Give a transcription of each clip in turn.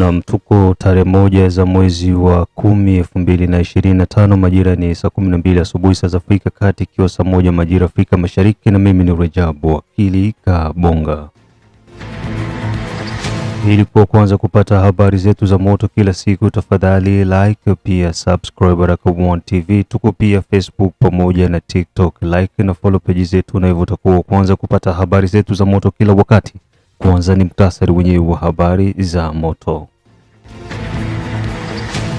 Naam, tuko tarehe moja za mwezi wa kumi elfu mbili na ishirini na tano majira ni saa kumi na mbili asubuhi saa za Afrika Kati, ikiwa saa moja majira Afrika Mashariki, na mimi ni Rejabu Wakili Kabonga. Ili kuwa kwanza kupata habari zetu za moto kila siku, tafadhali like, pia subscribe Baraka One TV. Tuko pia Facebook pamoja na TikTok, like na follow page zetu, na hivyo utakuwa kwanza kupata habari zetu za moto kila wakati. Kwanza ni muhtasari wenyewe wa habari za moto.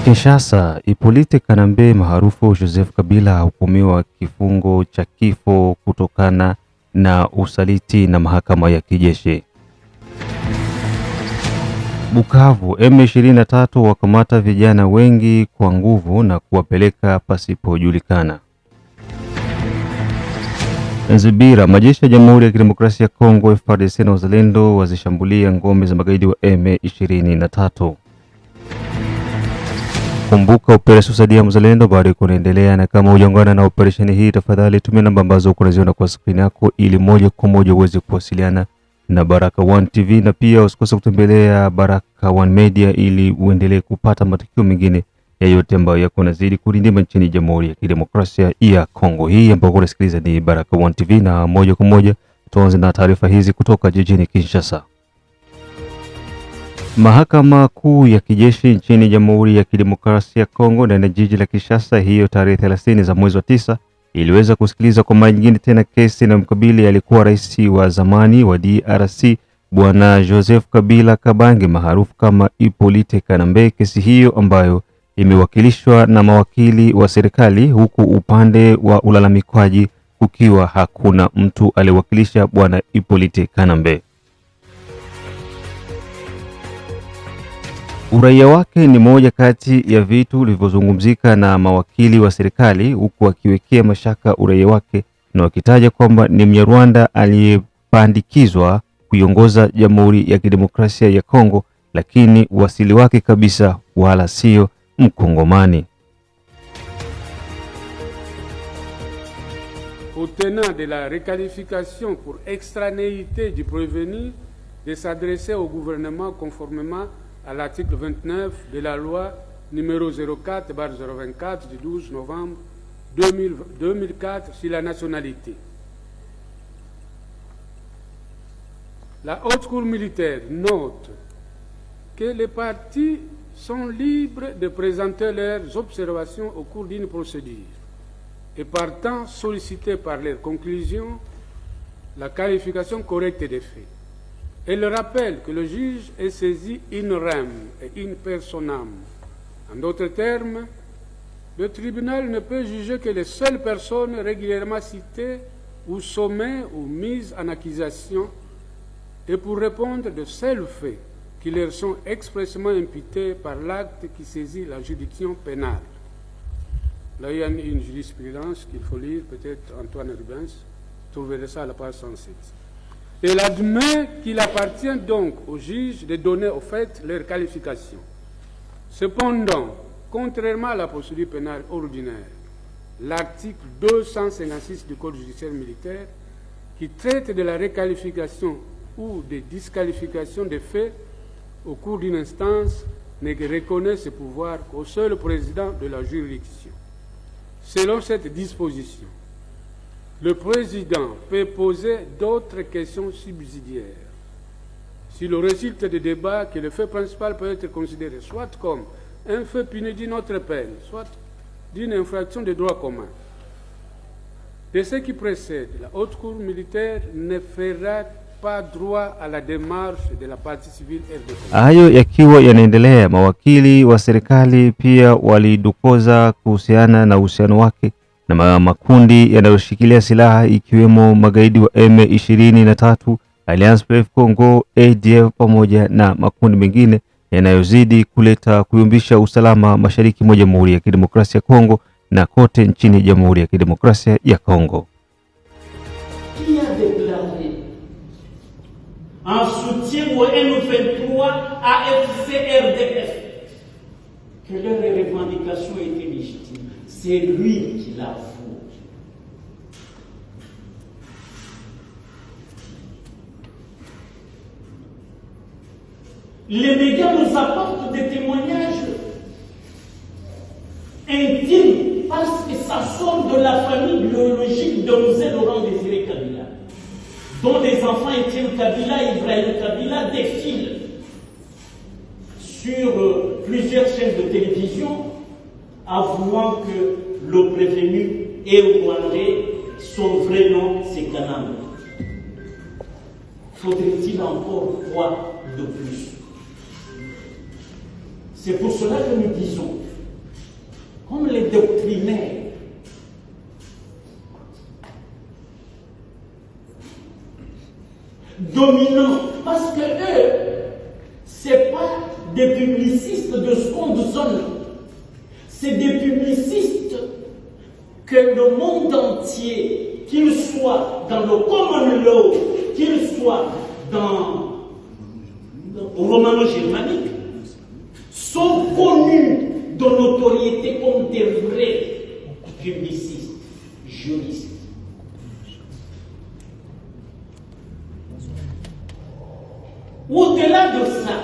Kinshasa, Ipolite Kanambe maarufu Joseph Kabila ahukumiwa kifungo cha kifo kutokana na usaliti na mahakama ya kijeshi. Bukavu, M23 wakamata vijana wengi kwa nguvu na kuwapeleka pasipojulikana. Zibira. Majeshi ya Jamhuri ya Kidemokrasia ya Kongo FARDC na Wazalendo wazishambulia ngome za magaidi wa M23. Kumbuka operesheni Saidia Mzalendo bado inaendelea, na kama hujaungana na operesheni hii, tafadhali tumia namba ambazo unaziona kwa skrini yako ili moja kwa moja uweze kuwasiliana na Baraka One TV, na pia usikose kutembelea Baraka One Media ili uendelee kupata matukio mengine yote ambayo yako nazidi kurindima nchini Jamhuri ya Kidemokrasia ya Kongo hii ambao unasikiliza ni Baraka One TV, na moja kwa moja tuanze na taarifa hizi kutoka jijini Kinshasa. Mahakama Kuu ya kijeshi nchini Jamhuri ya Kidemokrasia ya Kongo ndani ya jiji la Kinshasa hiyo tarehe 30 za mwezi wa tisa iliweza kusikiliza kwa mara nyingine tena kesi inayomkabili alikuwa rais wa zamani wa DRC Bwana Joseph Kabila Kabange maarufu kama Ipolite Kanambe. Kesi hiyo ambayo imewakilishwa na mawakili wa serikali huku upande wa ulalamikwaji kukiwa hakuna mtu aliyewakilisha Bwana Ipolite Kanambe. Uraia wake ni moja kati ya vitu vilivyozungumzika na mawakili wa serikali huku akiwekea mashaka uraia wake na wakitaja kwamba ni Mnyarwanda aliyepandikizwa kuiongoza Jamhuri ya Kidemokrasia ya Kongo, lakini uasili wake kabisa wala sio Mkongomani. Au tenant de la requalification pour extranéité du prévenu de s'adresser au gouvernement conformément à l'article 29 de la loi numéro 04-024 du 12 novembre 2004 sur la nationalité. La haute cour militaire note que les partis sont libres de présenter leurs observations au cours d'une procédure et partant solliciter par leurs conclusions la qualification correcte des faits. Elle rappelle que le juge est saisi in rem et in personam. En d'autres termes, le tribunal ne peut juger que les seules personnes régulièrement citées ou sommées ou mises en accusation et pour répondre de seuls faits qui leur sont expressément imputés par l'acte qui saisit la juridiction pénale. Là, il y a une jurisprudence qu'il faut lire, peut-être Antoine Rubens trouverez ça à la page 107. Elle admet qu'il appartient donc au juges de donner aux faits leur qualification. Cependant, contrairement à la procédure pénale ordinaire, l'article 256 du Code judiciaire militaire, qui traite de la réqualification ou des disqualifications des faits, au cours d'une instance ne reconnaît ses pouvoir qu'au seul président de la juridiction. Selon cette disposition, le président peut poser d'autres questions subsidiaires. Si le résultat des débats que le fait principal peut être considéré soit comme un fait puni d'une autre peine, soit d'une infraction de droit commun. De ce qui précède, la haute cour militaire ne fera Hayo yakiwa yanaendelea, mawakili wa serikali pia walidokoza kuhusiana na uhusiano wake na makundi yanayoshikilia silaha ikiwemo magaidi wa M23, Alliance Fleuve Congo, ADF pamoja na makundi mengine yanayozidi kuleta kuyumbisha usalama mashariki mwa Jamhuri ya Kidemokrasia ya Kongo na kote nchini Jamhuri ya Kidemokrasia ya Kongo. en soutien au M23 AFCRDF, que leurs revendications étaient légitimes. C'est lui qui l'a Les médias nous apportent des témoignages intimes parce que ça sort de la famille biologique de M. Laurent Désiré Kabila dont des enfants Étienne Kabila, Ibrahim Kabila défilent sur euh, plusieurs chaînes de télévision, avouant que le prévenu est rwandais, son vrai nom c'est Kanam. Faudrait-il encore quoi de plus C'est pour cela que nous disons, comme les doctrinaires, était comme des vrais publicistes, juristes. Au-delà de ça,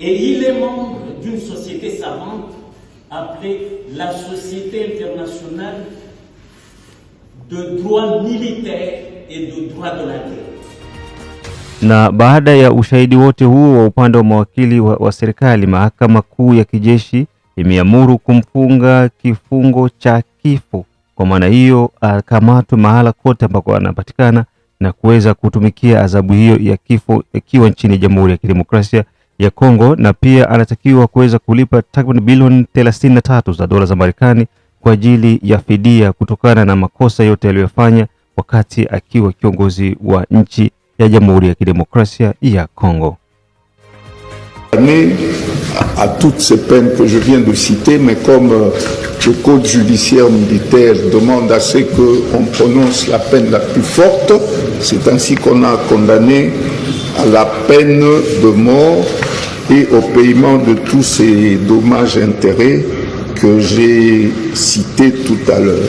Et il est membre d'une société savante appelée la Société internationale de droit militaire et de droit de la guerre. Na baada ya ushahidi wote huo wa upande wa mawakili wa, wa serikali, mahakama kuu ya kijeshi imeamuru kumfunga kifungo cha kifo. Kwa maana hiyo akamatwe mahala kote ambako anapatikana na kuweza kutumikia adhabu hiyo ya kifo ikiwa nchini Jamhuri ya Kidemokrasia ya Kongo na pia anatakiwa kuweza kulipa takriban bilioni 33 za dola za Marekani kwa ajili ya fidia kutokana na makosa yote aliyofanya wakati akiwa kiongozi wa nchi ya Jamhuri ya Kidemokrasia ya Kongo. à toutes ces peines que je viens de citer mais comme le code judiciaire militaire demande à ce qu'on prononce la peine la plus forte, c'est ainsi qu'on a condamné à la peine de mort et au paiement de tous ces dommages intérêts que j'ai cités tout à l'heure.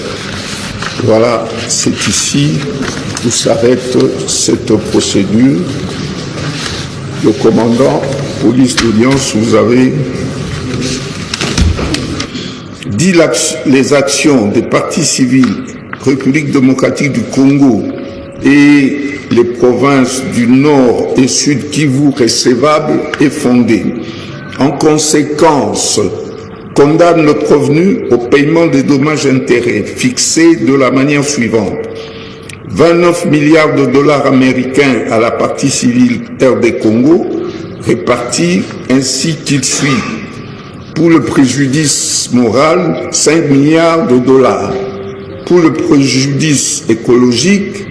Voilà, c'est ici où s'arrête cette procédure. Le commandant, police d'audience, vous avez dit les actions des partis civils, République démocratique du Congo et les provinces du Nord et Sud Kivu recevables et fondées. En conséquence, condamne le provenu au paiement des dommages-intérêts fixés de la manière suivante. 29 milliards de dollars américains à la partie civile Terre des Congo, répartis ainsi qu'il suit. Pour le préjudice moral, 5 milliards de dollars. Pour le préjudice écologique,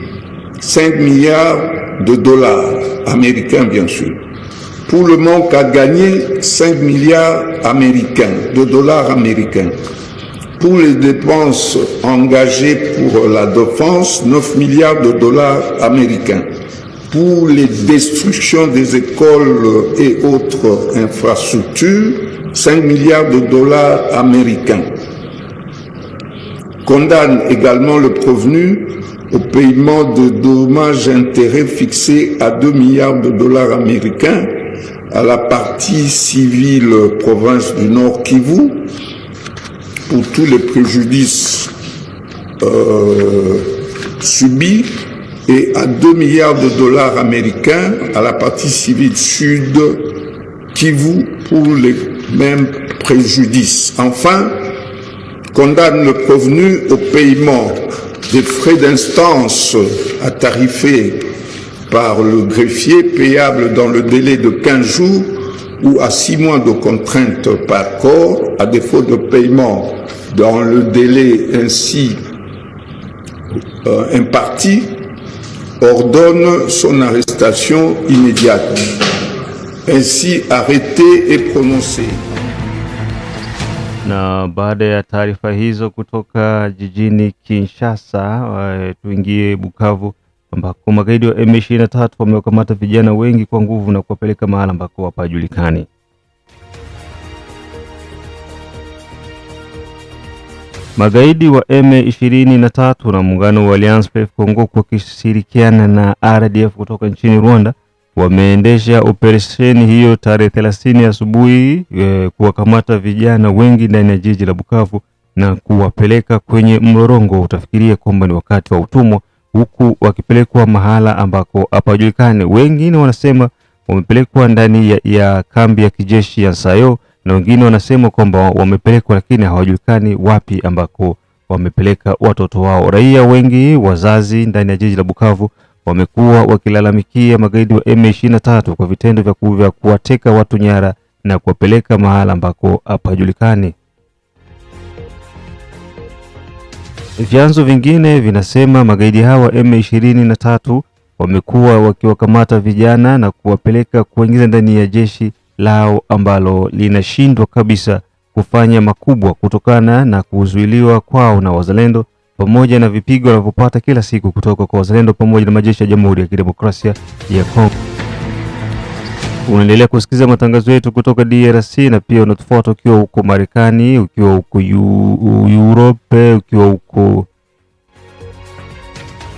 5 milliards de dollars américains, bien sûr. Pour le manque à gagner, 5 milliards américains, de dollars américains. Pour les dépenses engagées pour la défense, 9 milliards de dollars américains. Pour les destructions des écoles et autres infrastructures, 5 milliards de dollars américains condamne également le provenu au paiement de dommages intérêts fixés à 2 milliards de dollars américains à la partie civile province du Nord Kivu pour tous les préjudices euh, subis et à 2 milliards de dollars américains à la partie civile sud Kivu pour les mêmes préjudices. Enfin, condamne le convenu au paiement des frais d'instance à tarifé par le greffier payable dans le délai de 15 jours ou à 6 mois de contrainte par corps, à défaut de paiement dans le délai ainsi euh, imparti, ordonne son arrestation immédiate. Ainsi arrêté et prononcé. Na baada ya taarifa hizo kutoka jijini Kinshasa, eh, tuingie Bukavu ambako magaidi wa M23 wamewakamata vijana wengi kwa nguvu na kuwapeleka mahala ambako hapajulikani. Magaidi wa M23 na muungano wa Alliance PF Congo kwa kushirikiana na RDF kutoka nchini Rwanda wameendesha operesheni hiyo tarehe thelathini asubuhi e, kuwakamata vijana wengi ndani ya jiji la Bukavu na kuwapeleka kwenye mlorongo. Utafikiria kwamba ni wakati wa utumwa, huku wakipelekwa mahala ambako hapajulikani. Wengine wanasema wamepelekwa ndani ya, ya kambi ya kijeshi ya Sayo na wengine wanasema kwamba wamepelekwa lakini hawajulikani wapi ambako wamepeleka watoto wao. Raia wengi, wazazi ndani ya jiji la Bukavu wamekuwa wakilalamikia magaidi wa M23 kwa vitendo vya vya kuwateka watu nyara na kuwapeleka mahala ambako hapajulikani. Vyanzo vingine vinasema magaidi hawa M23 wamekuwa wakiwakamata vijana na kuwapeleka kuingiza ndani ya jeshi lao ambalo linashindwa kabisa kufanya makubwa kutokana na kuzuiliwa kwao na wazalendo pamoja na vipigo wanavyopata kila siku kutoka kwa wazalendo pamoja na majeshi ya Jamhuri ya Kidemokrasia ya Kongo. Unaendelea kusikiliza matangazo yetu kutoka DRC na pia unatufuata ukiwa huko Marekani, ukiwa huko Europe, ukiwa huko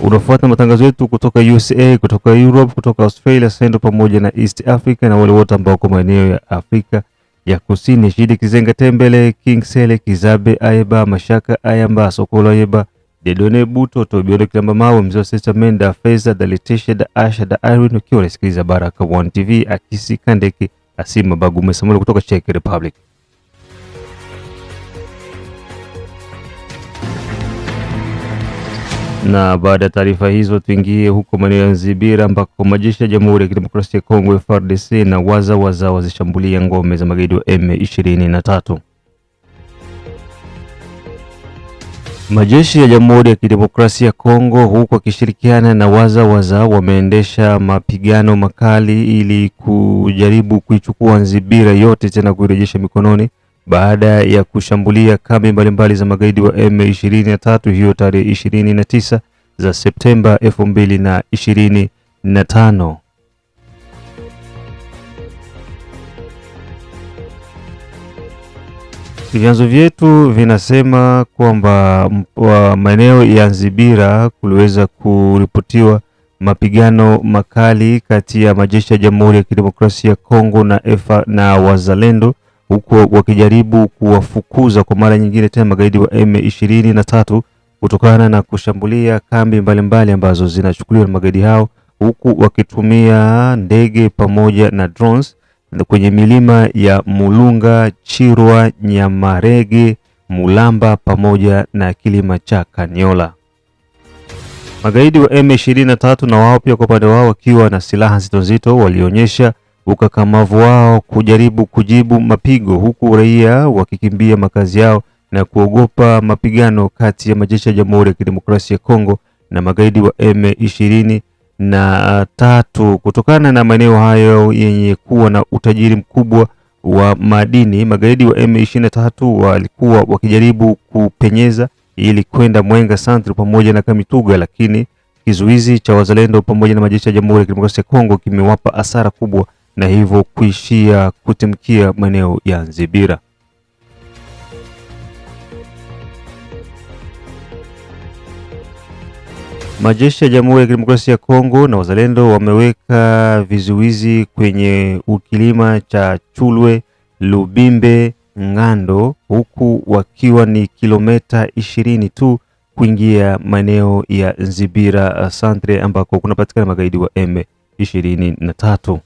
unafuata matangazo yetu kutoka USA, kutoka Europe, kutoka Australia, sendo pamoja na East Africa na wale wote ambao kwa maeneo ya Afrika ya Kusini. Shidi Kizenga Tembele, King Sele, Kizabe Ayeba, Mashaka Ayamba, Sokolo, Ayeba, Dedone Buto, Tobiole Kilambamau, Mzee wa Sista Menda, Feza da Letesha da Asha da Irene, ukiwa unasikiliza Baraka One TV, Akisi Kandeke Asima Bagume Samula kutoka Czech Republic. Na baada ya taarifa hizo, tuingie huko maeneo ya Nzibira ambako majeshi ya Jamhuri ya Kidemokrasia ya Kongo FARDC na waza waza wazishambulia ngome za magaidi wa M23. Majeshi ya Jamhuri ya Kidemokrasia ya Kongo huku wakishirikiana na wazawaza waza, wameendesha mapigano makali ili kujaribu kuichukua Nzibira yote tena kuirejesha mikononi baada ya kushambulia kambi mbalimbali za magaidi wa M23 hiyo tarehe 29 za Septemba 2025. Vyanzo vyetu vinasema kwamba maeneo ya Nzibira kuliweza kuripotiwa mapigano makali kati ya majeshi ya Jamhuri ya Kidemokrasia ya Kongo na efa na Wazalendo, huku wakijaribu kuwafukuza kwa mara nyingine tena magaidi wa M23 kutokana na kushambulia kambi mbalimbali mbali ambazo zinachukuliwa na magaidi hao, huku wakitumia ndege pamoja na drones kwenye milima ya Mulunga, Chirwa, Nyamarege, Mulamba pamoja na kilima cha Kaniola. Magaidi wa M23 na wao pia kwa upande wao wakiwa na silaha nzito nzito walionyesha ukakamavu wao kujaribu kujibu mapigo huku raia wakikimbia makazi yao na kuogopa mapigano kati ya majeshi ya Jamhuri ya Kidemokrasia ya Kongo na magaidi wa M23 na ah, tatu. Kutokana na maeneo hayo yenye kuwa na utajiri mkubwa wa madini, magaidi wa M23 walikuwa wakijaribu kupenyeza ili kwenda Mwenga Santri pamoja na Kamituga, lakini kizuizi cha wazalendo pamoja na majeshi ya Jamhuri ya Kidemokrasia ya Kongo kimewapa hasara kubwa na hivyo kuishia kutimkia maeneo ya Nzibira. Majeshi ya Jamhuri ya Kidemokrasia ya Kongo na wazalendo wameweka vizuizi kwenye ukilima cha Chulwe Lubimbe Ngando, huku wakiwa ni kilomita ishirini tu kuingia maeneo ya Nzibira Santre ambako kunapatikana magaidi wa M 23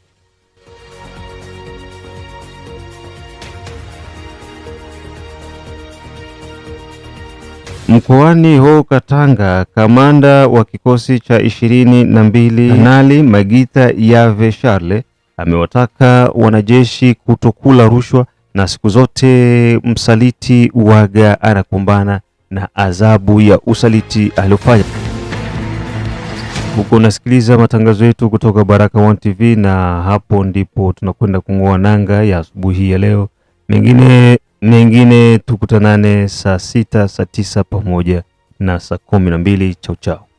Mkoani ho Katanga, kamanda wa kikosi cha ishirini na mbili Kanali Magita Yave Charle amewataka wanajeshi kutokula rushwa na siku zote msaliti waga anakumbana na adhabu ya usaliti aliyofanya Huko unasikiliza matangazo yetu kutoka baraka One TV, na hapo ndipo tunakwenda kung'oa nanga ya asubuhi ya leo. Mengine mengine tukutanane saa sita, saa tisa pamoja na saa kumi na mbili. Chao chao.